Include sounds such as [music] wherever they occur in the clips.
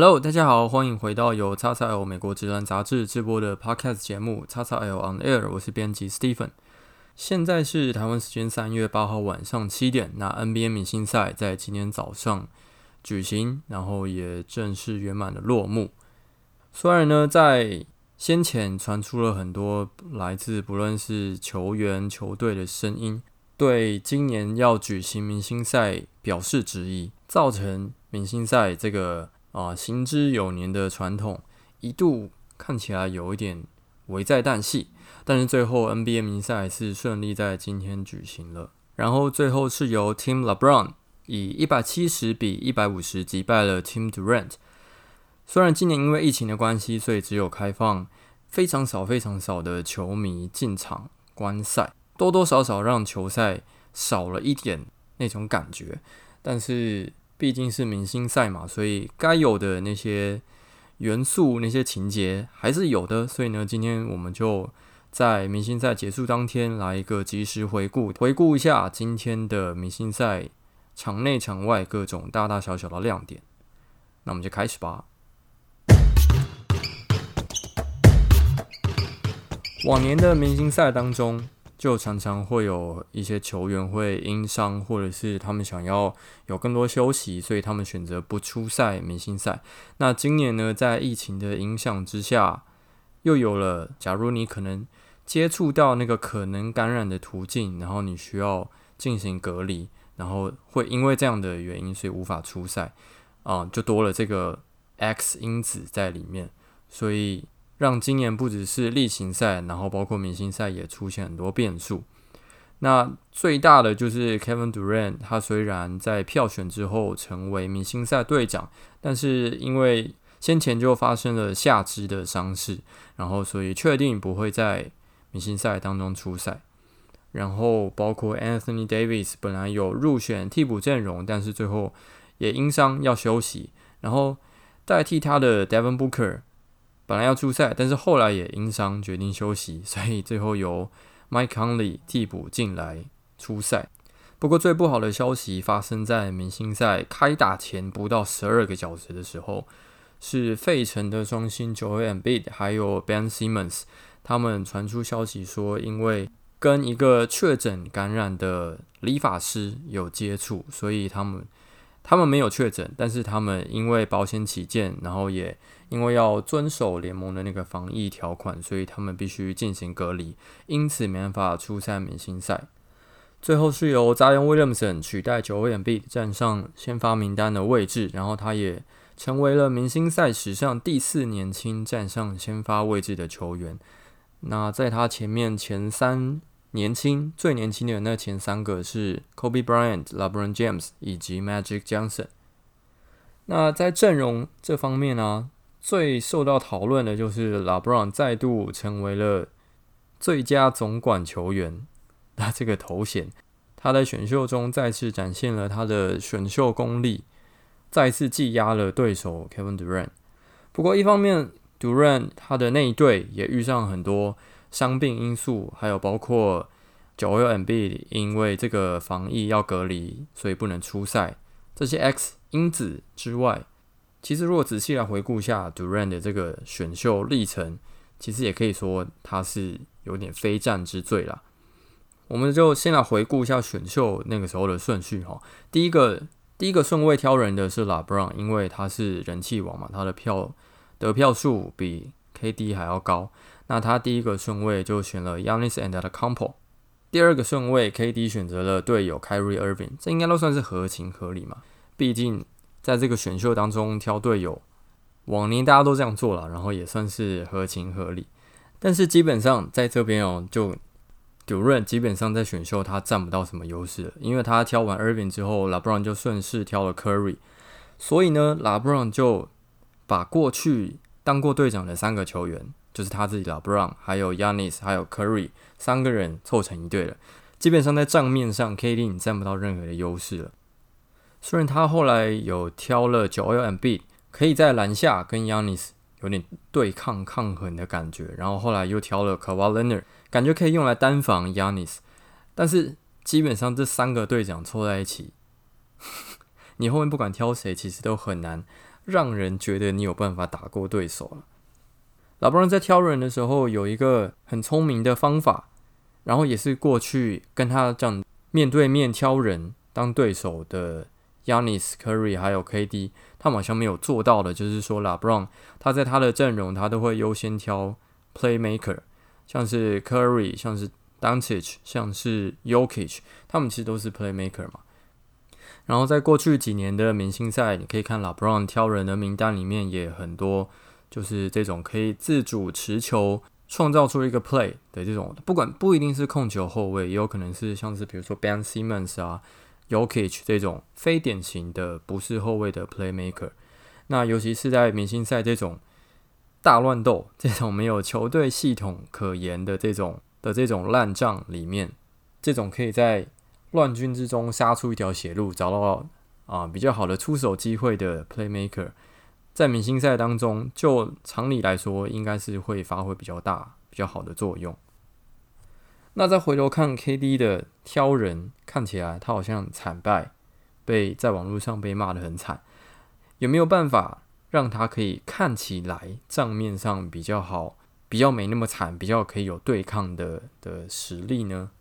Hello，大家好，歡迎回到由《叉叉 L》美國職籃雜誌直播的 Podcast 節目《叉叉 L On Air》。我是編輯 Stephen。現在是台灣時間三月八號晚上七點。那 NBA 明星賽在今天早上舉行，然後也正式圓滿的落幕。雖然呢，在先前傳出了很多來自不論是球員、球隊的聲音，對今年要舉行明星賽表示質疑，造成明星賽這個。啊，行之有年的傳統一度看起來有一點危在旦夕，但是最後 NBA 明星賽是順利在今天舉行了。然後最後是由 Team LeBron 以一百七十比一百五十擊敗了 Team Durant。雖然今年因為疫情的關係，所以只有開放非常少、非常少的球迷進場觀賽，多多少少讓球賽少了一點那種感覺，但是。畢竟是明星賽嘛，所以該有的那些元素、那些情節還是有的。所以呢，今天我們就在明星賽結束當天來一個及時回顧，回顧一下今天的明星賽場內場外各種大大小小的亮點。那我們就開始吧。往年的明星賽當中。就常常會有一些球員會因傷，或者是他們想要有更多休息，所以他們選擇不出賽明星賽。那今年呢，在疫情的影響之下，又有了假如你可能接觸到那個可能感染的途徑，然後你需要進行隔離，然後會因為這樣的原因，所以無法出賽啊、嗯，就多了這個 X 因子在裡面，所以，讓今年不只是例行賽，然後包括明星賽也出現很多變數。那最大的就是 Kevin Durant，他雖然在票選之後成為明星賽隊長，但是因為先前就發生了下肢的傷勢，然後所以確定不會在明星賽當中出賽。然後包括 Anthony Davis 本來有入選替補陣容，但是最後也因傷要休息，然後代替他的 Devin Booker。本來要出賽，但是後來也因傷決定休息，所以最後由 Mike Conley 替補進來出賽。不過最不好的消息發生在明星賽開打前不到十二個小時的時候，是費城的雙星 Joel Embiid 還有 Ben Simmons，他們傳出消息說，因為跟一個確診感染的理髮師有接觸，所以他們。他們沒有確診，但是他們因為保險起見，然後也因為要遵守聯盟的那個防疫條款，所以他們必須進行隔離，因此沒辦法出賽明星賽。最後是由 Zion Williamson 取代 Joel Embiid 站上先發名單的位置，然後他也成為了明星賽史上第四年輕站上先發位置的球員。那在他前面前三，年輕最年輕的那前三個是 Kobe Bryant、LeBron James 以及 Magic Johnson。那在陣容這方面呢、啊，最受到討論的就是 LeBron 再度成為了最佳總管球員，那這個頭銜，他在選秀中再次展現了他的選秀功力，再次技壓了對手 Kevin Durant。不過一方面，Durant 他的那一隊也遇上很多，傷病因素，還有包括 Joel Embiid，因為這個防疫要隔離，所以不能出賽。這些 X 因子之外，其實如果仔細來回顧一下 Durant 的這個選秀歷程，其實也可以說他是有點非戰之罪了。我們就先來回顧一下選秀那個時候的順序哈。第一個第一個順位挑人的是 LeBron，因為他是人氣王嘛，他的票得票數比 KD 還要高。那他第一個順位就選了 Giannis Antetokounmpo 第二個順位 KD 選擇了隊友 Kyrie Irving，這應該都算是合情合理嘛。畢竟在這個選秀當中挑隊友，往年大家都這樣做了，然後也算是合情合理。但是基本上在這邊哦，就 Durant 基本上在選秀他占不到什麼優勢，因為他挑完 Irving 之後，LeBron 就順勢挑了 Curry，所以呢，LeBron 就把過去當過隊長的三個球員。就是他自己的 Brown 還有 Yanis，還有 Curry 三個人湊成一隊了。基本上在賬面上，KD 佔不到任何的優勢了。雖然他後來有挑了 Joel Embiid 可以在籃下跟 Yanis 有點對抗抗衡的感覺，然後後來又挑了 Kawhi Leonard，感覺可以用來單防 Yanis，但是基本上這三個隊長湊在一起， [laughs] 你後面不管挑誰，其實都很難讓人覺得你有辦法打過對手了、啊。拉布朗在挑人的時候有一個很聰明的方法，然後也是過去跟他這樣面對面挑人當對手的 Yannis Curry 還有 KD，他好像沒有做到的，就是說拉布朗他在他的陣容他都會優先挑 playmaker，像是 Curry，像是 Dantich，像是 Yokich、ok、他們其實都是 playmaker 嘛。然後在過去幾年的明星賽，你可以看拉布朗挑人的名單裡面也很多。就是這種可以自主持球創造出一個 play 的這種，不管不一定是控球後衛，也有可能是像是比如說 Ben Simmons 啊、Yokich、這種非典型的不是後衛的 playmaker。那尤其是在明星賽這種大亂鬥、這種沒有球隊系統可言的這種的這種爛仗裡面，這種可以在亂軍之中殺出一條血路，找到啊比較好的出手機會的 playmaker，在明星賽當中，就常理來說，應該是會發揮比較大、比較好的作用。那再回頭看 KD 的挑人，看起來他好像慘敗，被在網絡上被罵得很慘。有沒有辦法讓他可以看起來賬面上比較好，比較沒那麼慘，比較可以有對抗的的實力呢？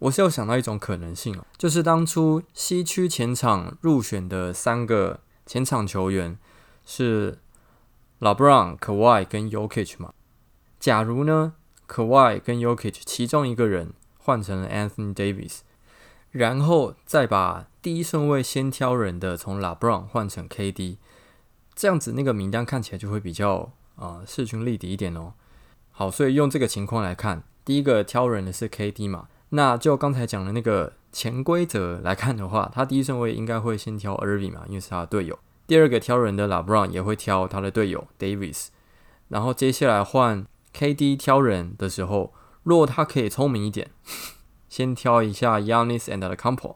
我是有想到一種可能性哦，就是當初西區前場入選的三個前場球員。是 LeBron、Kawhi 跟 Jokic 嘛？假如呢，Kawhi 跟 Jokic 其中一個人換成了 Anthony Davis，然後再把第一順位先挑人的從 LeBron 換成 KD，這樣子那個名單看起來就會比較啊勢均力敵一點哦。好，所以用這個情況來看，第一個挑人的是 KD 嘛？那就剛才講的那個潛規則來看的話，他第一順位應該會先挑 Irving 嘛，因為是他的隊友。第二個挑人的拉布朗也會挑他的隊友 Davis，然後接下來換 KD 挑人的時候，若他可以聰明一點，先挑一下 Giannis Antetokounmpo，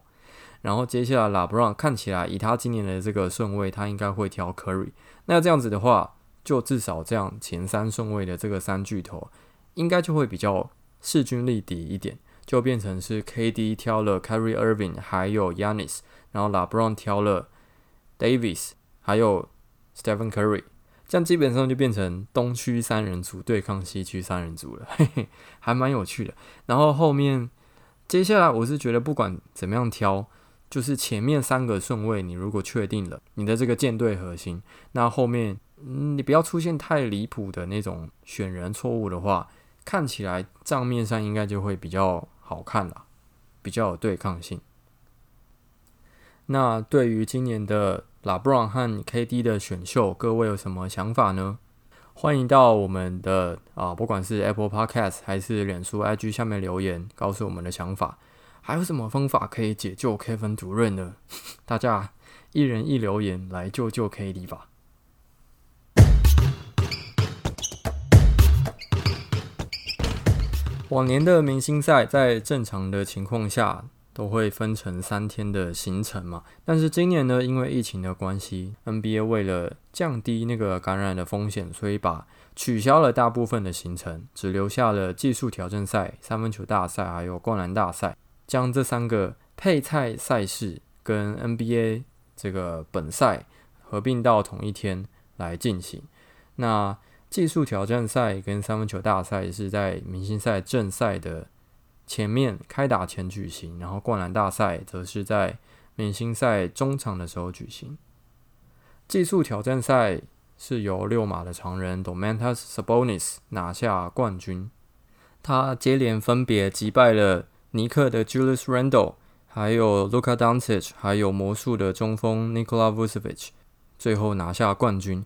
然後接下來拉布朗看起來以他今年的這個順位，他應該會挑 Curry。那這樣子的話，就至少這樣前三順位的這個三巨頭，應該就會比較勢均力敵一點，就變成是 KD 挑了 Curry Irving 還有 Giannis，然後拉布朗挑了 Davis，還有 Stephen Curry，這樣基本上就變成東區三人組對抗西區三人組了，嘿嘿，還蠻有趣的。然後後面接下來我是覺得，不管怎麼樣挑，就是前面三個順位你如果確定了你的這個建隊核心，那後面，嗯，你不要出現太離譜的那種選人錯誤的話，看起來賬面上應該就會比較好看了，比較有對抗性。那對於今年的 LeBron 和 KD 的選秀，各位有什麼想法呢？歡迎到我們的啊，不管是 Apple Podcast 還是臉書 IG 下面留言，告訴我們的想法。還有什麼方法可以解救 Kevin 主任呢？大家一人一留言來救救 KD 吧。往年的明星賽，在正常的情況下，都會分成三天的行程嘛，但是今年呢，因為疫情的關係，NBA 為了降低那個感染的風險，所以把取消了大部分的行程，只留下了技術挑戰賽、三分球大賽還有灌籃大賽，將這三個配菜賽事跟 NBA 這個本賽合併到同一天來進行。那技術挑戰賽跟三分球大賽是在明星賽正賽的。前面開打前舉行，然後灌籃大賽則是在明星賽中場的時候舉行。技術挑戰賽是由六馬的常人 d o m e n t c Sabonis 拿下冠軍，他接連分別擊敗了尼克的 Julius Randle、還有 l u c a d a n c i c 還有魔術的中鋒 Nikola Vucevic，最後拿下冠軍。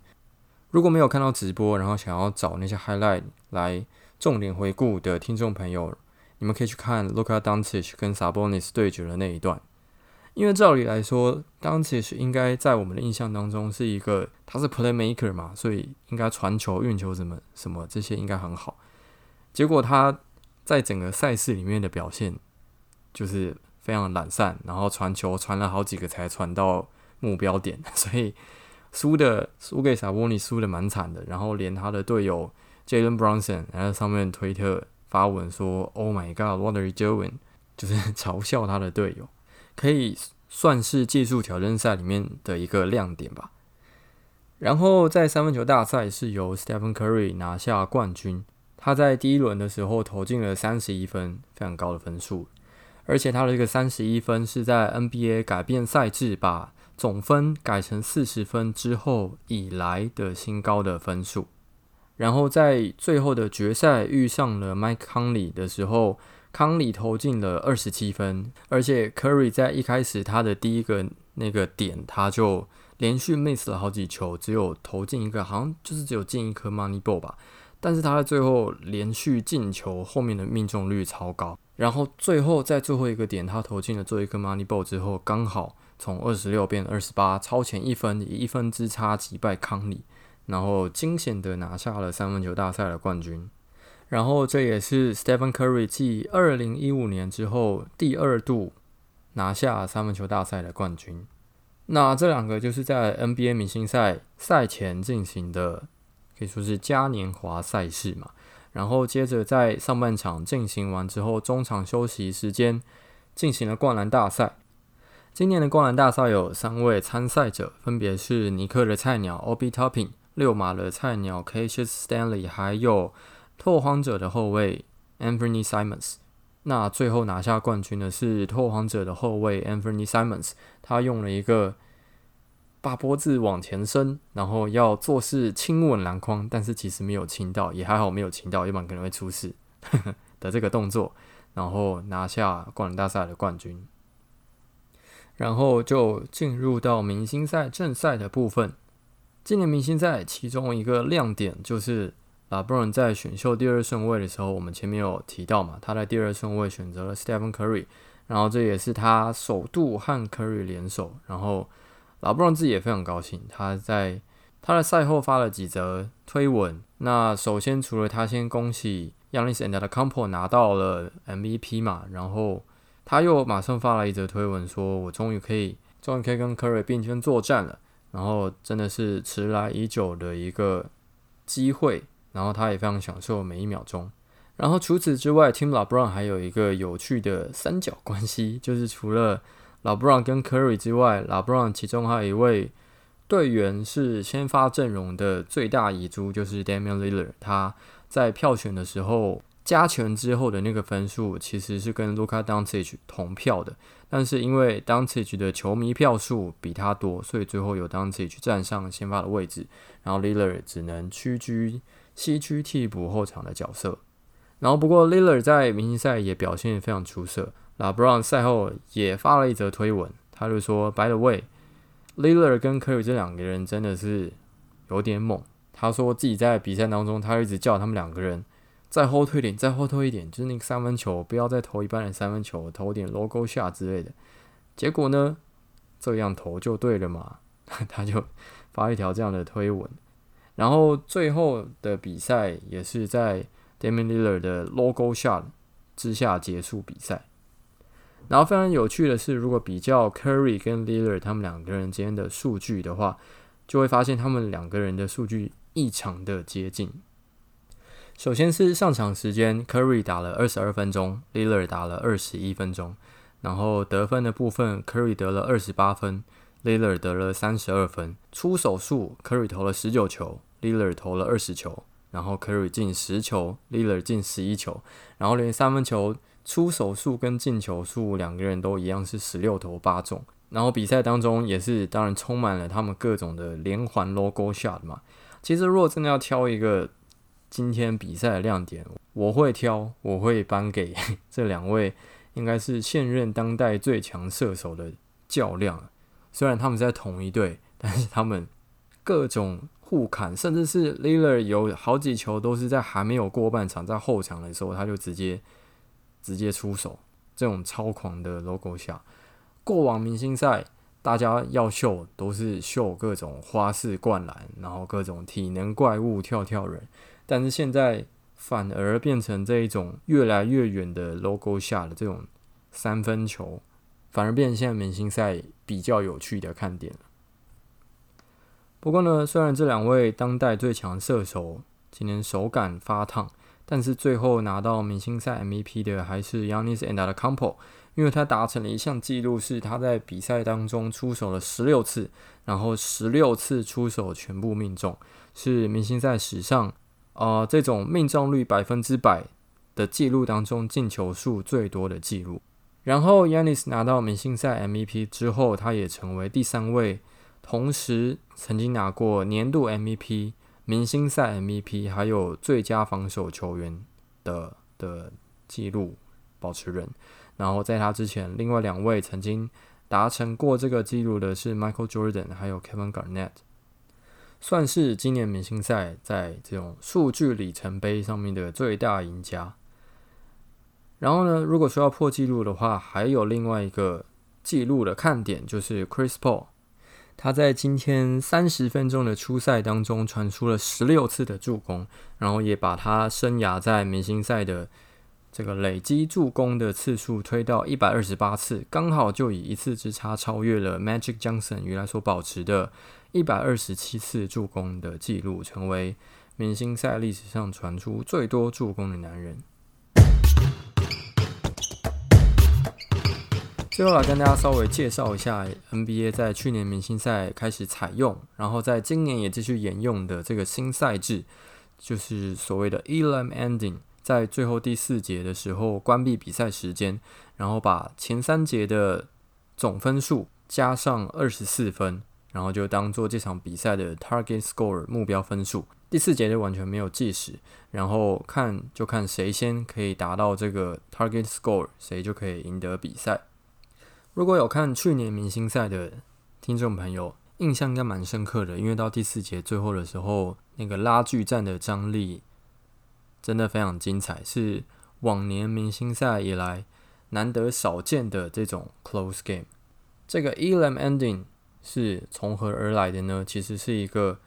如果沒有看到直播，然後想要找那些 highlight 來重點回顧的聽眾朋友。你們可以去看 Luka Dončić 跟 Sabonis 對決的那一段，因為照理來說 Dončić 應該在我們的印象當中是一個他是 Playmaker 嘛，所以應該傳球、運球什麼什麼這些應該很好。結果他在整個賽事裡面的表現就是非常懶散，然後傳球傳了好幾個才傳到目標點，所以輸的輸給 Sabonis 輸的蠻慘的。然後連他的隊友 Jalen Brunson 然後上面推特。發文說：“Oh my God, Rudy Gobert！” 就是嘲笑他的隊友，可以算是技術挑戰賽裡面的一個亮點吧。然後在三分球大賽是由 Stephen Curry 拿下冠軍，他在第一輪的時候投進了三十一分，非常高的分數。而且他的這個三十一分是在 NBA 改變賽制，把總分改成四十分之後以來的新高的分數。然後在最後的決賽遇上了 Mike Conley 的時候，Conley 投進了二十七分，而且 Curry 在一開始他的第一個那個點他就連續 miss 了好幾球，只有投進一個，好像就是只有進一顆 money ball 吧。但是他在最後連續進球，後面的命中率超高，然後最後在最後一個點他投進了最後一顆 money ball 之後，剛好從二十六變二十八，超前一分，以一分之差擊敗 Conley。然後驚險的拿下了三分球大賽的冠軍，然後這也是 Stephen Curry 繼二零一五年之後第二度拿下三分球大賽的冠軍。那這兩個就是在 NBA 明星賽賽前進行的，可以說是嘉年華賽事嘛。然後接着在上半場進行完之後，中場休息時間進行了灌籃大賽。今年的灌籃大賽有三位參賽者，分別是尼克的菜鳥 Obi Toppin。溜馬的菜鳥 Cassius Stanley，還有拓荒者的後衛 Anthony Simons。那最後拿下冠軍的是拓荒者的後衛 Anthony Simons，他用了一個把脖子往前伸，然後要做勢親吻籃筐，但是其實沒有親到，也還好沒有親到，要不然可能會出事的這個動作，然後拿下灌籃大賽的冠軍。然後就進入到明星賽正賽的部分。今年明星賽其中一個亮點就是拉布隆在選秀第二順位的時候，我們前面有提到嘛，他在第二順位選擇了 Stephen Curry，然後這也是他首度和 Curry 聯手，然後拉布隆自己也非常高興，他在他的賽後發了幾則推文。那首先除了他先恭喜 Giannis Antetokounmpo 拿到了 MVP 嘛，然後他又馬上發了一則推文說：“我終於可以，終於可以跟 Curry 並肩作戰了。”然後真的是遲來已久的一個機會，然後他也非常享受每一秒鐘。然後除此之外，Team LeBron 還有一個有趣的三角關係，就是除了 LeBron 跟 Curry 之外，LeBron 其中還有一位隊員是先發陣容的最大遺珠，就是 Damian Lillard。他在票選的時候，加權之後的那個分數其實是跟 Luka Doncic 同票的，但是因為 Doncic 的球迷票數比他多，所以最後有 Doncic 站上先發的位置，然後 Lillard 只能屈居西區替補後場的角色。然後不過 Lillard 在明星賽也表現得非常出色，那 LeBron 賽後也發了一則推文，他就說 By the way，Lillard 跟 Curry 這兩個人真的是有點猛。他說自己在比賽當中，他一直叫他們兩個人。再後退點，再後退一點，就是那個三分球，不要再投一般人三分球，投點 Logo 下之類的。結果呢，這樣投就對了嘛？他就發一條這樣的推文。然後最後的比賽也是在 d a m i n Lillard 的 Logo 下之下結束比賽。然後非常有趣的是，如果比較 Curry 跟 Lillard 他們兩個人之間的數據的話，就會發現他們兩個人的數據異常的接近。首先是上場時間，Curry 打了二十二分鐘，Lillard 打了二十一分鐘。然後得分的部分，Curry 得了二十八分，Lillard 得了三十二分。出手數，Curry 投了十九球，Lillard 投了二十球。然後 Curry 進十球，Lillard 進十一球。然後連三分球出手數跟進球數兩個人都一樣是十六投八中。然後比賽當中也是當然充滿了他們各種的連環 logo shot 嘛。其實如果真的要挑一個。今天比賽的亮點，我會挑，我會頒給 [laughs] 這兩位，應該是現任當代最強射手的較量。雖然他們在同一隊，但是他們各種互砍，甚至是 Lillard 有好幾球都是在還沒有過半場，在後場的時候他就直接直接出手，這種超狂的 Logo 下，過往明星賽大家要秀都是秀各種花式灌籃，然後各種體能怪物跳跳人。但是現在反而變成這一種越來越遠的 logo 下的這種三分球，反而變成現在明星賽比較有趣的看點。不過呢，雖然這兩位當代最強射手今天手感發燙，但是最後拿到明星賽 MVP 的還是 Giannis Antetokounmpo，因為他達成了一項記錄，是他在比賽當中出手了十六次，然後十六次出手全部命中，是明星賽史上。啊、呃，這種命中率百分之百的記錄當中，進球數最多的記錄。然後，Yannis 拿到明星賽 MVP 之後，他也成為第三位同時曾經拿過年度 MVP、明星賽 MVP 還有最佳防守球員的的記錄保持人。然後，在他之前，另外兩位曾經達成過這個記錄的是 Michael Jordan 還有 Kevin Garnett。算是今年明星賽在這種數據里程碑上面的最大贏家。然後呢，如果說要破紀錄的話，還有另外一個紀錄的看點就是 Chris Paul，他在今天三十分鐘的初賽當中傳出了十六次的助攻，然後也把他生涯在明星賽的。這個累積助攻的次數推到一百二十八次，剛好就以一次之差超越了 Magic Johnson 原來所保持的一百二十七次助攻的記錄，成為明星賽歷史上傳出最多助攻的男人。最後來跟大家稍微介紹一下 NBA 在去年明星賽開始採用，然後在今年也繼續沿用的這個新賽制，就是所謂的 Elam Ending。在最後第四節的時候關閉比賽時間，然後把前三節的總分數加上二十四分，然後就當做這場比賽的 target score 目標分數。第四節就完全沒有計時，然後看就看誰先可以達到這個 target score，誰就可以贏得比賽。如果有看去年明星賽的聽眾朋友，印象應該蠻深刻的，因為到第四節最後的時候，那個拉鋸戰的張力。真的非常精彩，是往年明星賽以來難得少見的這種 close game。這個 Elam Ending 是從何而來的呢？其實是一個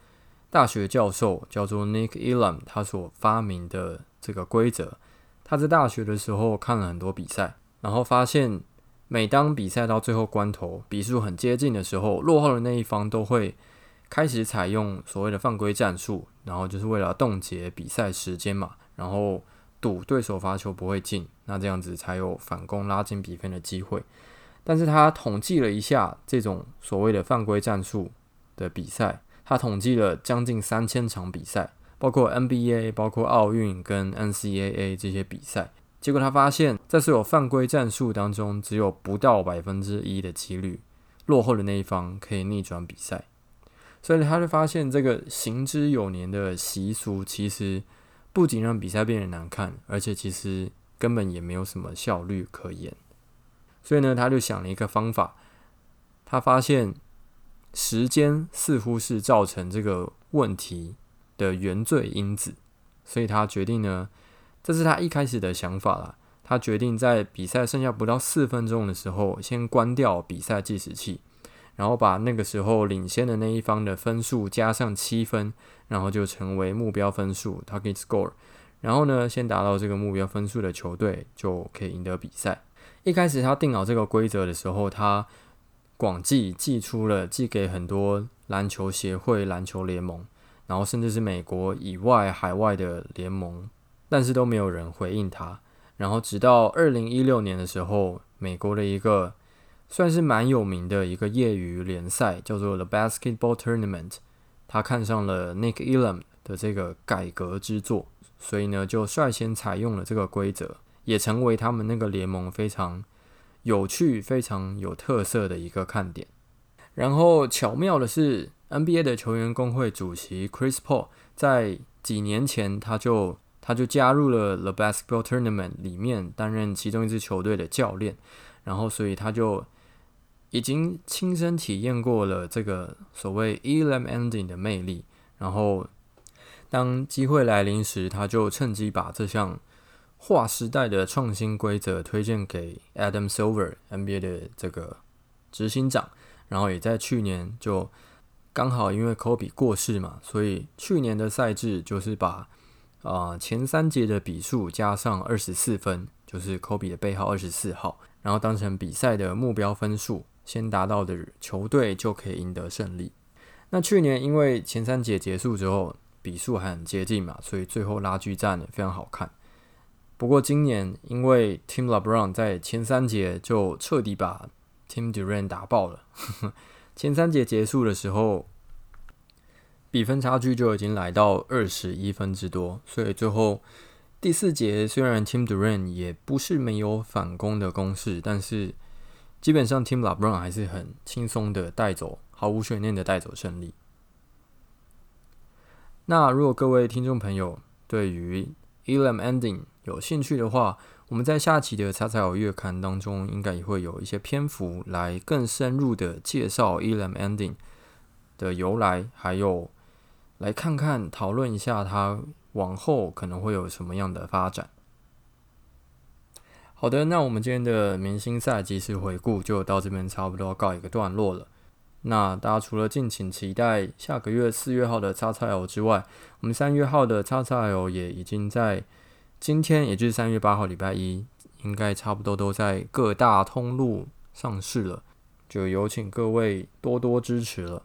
大學教授叫做 Nick Elam，他所發明的這個規則。他在大學的時候看了很多比賽，然後發現每當比賽到最後關頭，比數很接近的時候，落後的那一方都會開始採用所謂的犯規戰術。然後就是為了凍結比賽時間嘛，然後賭對手罰球不會進，那這樣子才有反攻拉近比分的機會。但是他統計了一下這種所謂的犯規戰術的比賽，他統計了將近三千場比賽，包括 NBA、包括奧運跟 NCAA 這些比賽。結果他發現，在所有犯規戰術當中，只有不到百分之一的幾率，落後的那一方可以逆轉比賽。所以他就發現這個行之有年的習俗，其實不僅讓比賽變得難看，而且其實根本也沒有什麼效率可言。所以呢，他就想了一個方法。他發現時間似乎是造成這個問題的原罪因子，所以他決定呢，這是他一開始的想法啦。他決定在比賽剩下不到四分鐘的時候，先關掉比賽計時器。然後把那個時候領先的那一方的分數加上七分，然後就成為目標分數 （target score）。然後呢，先達到這個目標分數的球隊就可以贏得比賽。一開始他定好這個規則的時候，他廣寄寄出了，寄給很多籃球協會、籃球聯盟，然後甚至是美國以外海外的聯盟，但是都沒有人回應他。然後直到二零一六年的時候，美國的一個算是蠻有名的一個業餘聯賽，叫做 The Basketball Tournament。他看上了 Nick Elam 的這個改革之作，所以呢就率先採用了這個規則，也成為他們那個聯盟非常有趣、非常有特色的一個看點。然後巧妙的是，NBA 的球員工會主席 Chris Paul 在幾年前他就他就加入了 The Basketball Tournament 裡面，擔任其中一支球隊的教練。然後，所以他就已經親身體驗過了這個所謂 Elam Ending 的魅力。然後，當機會來臨時，他就趁機把這項劃時代的創新規則推薦給 Adam Silver NBA 的這個執行長。然後，也在去年就剛好因為科比過世嘛，所以去年的賽制就是把啊、呃、前三節的比數加上二十四分，就是科比的背號二十四號。然後當成比賽的目標分數，先達到的球隊就可以贏得勝利。那去年因為前三節結束之後，比數還很接近嘛，所以最後拉鋸戰也非常好看。不過今年因為 Team LeBron 在前三節就徹底把 Team Durant 打爆了， [laughs] 前三節結束的時候，比分差距就已經來到二十一分之多，所以最後。第四節雖然 Team Durant 也不是沒有反攻的攻勢，但是基本上 Team LeBron 還是很輕鬆的帶走，毫無懸念的帶走勝利。那如果各位聽眾朋友對於 Elam Ending 有興趣的話，我們在下期的《查查爾月刊》當中應該也會有一些篇幅來更深入的介紹 Elam Ending 的由來，還有來看看討論一下它。往後可能會有什麼樣的發展？好的，那我們今天的明星賽即時回顧就到這邊差不多告一個段落了。那大家除了敬請期待下個月四月號的 XXL 之外，我們三月號的 XXL 也已經在今天，也就是三月八號禮拜一，應該差不多都在各大通路上市了，就有請各位多多支持了。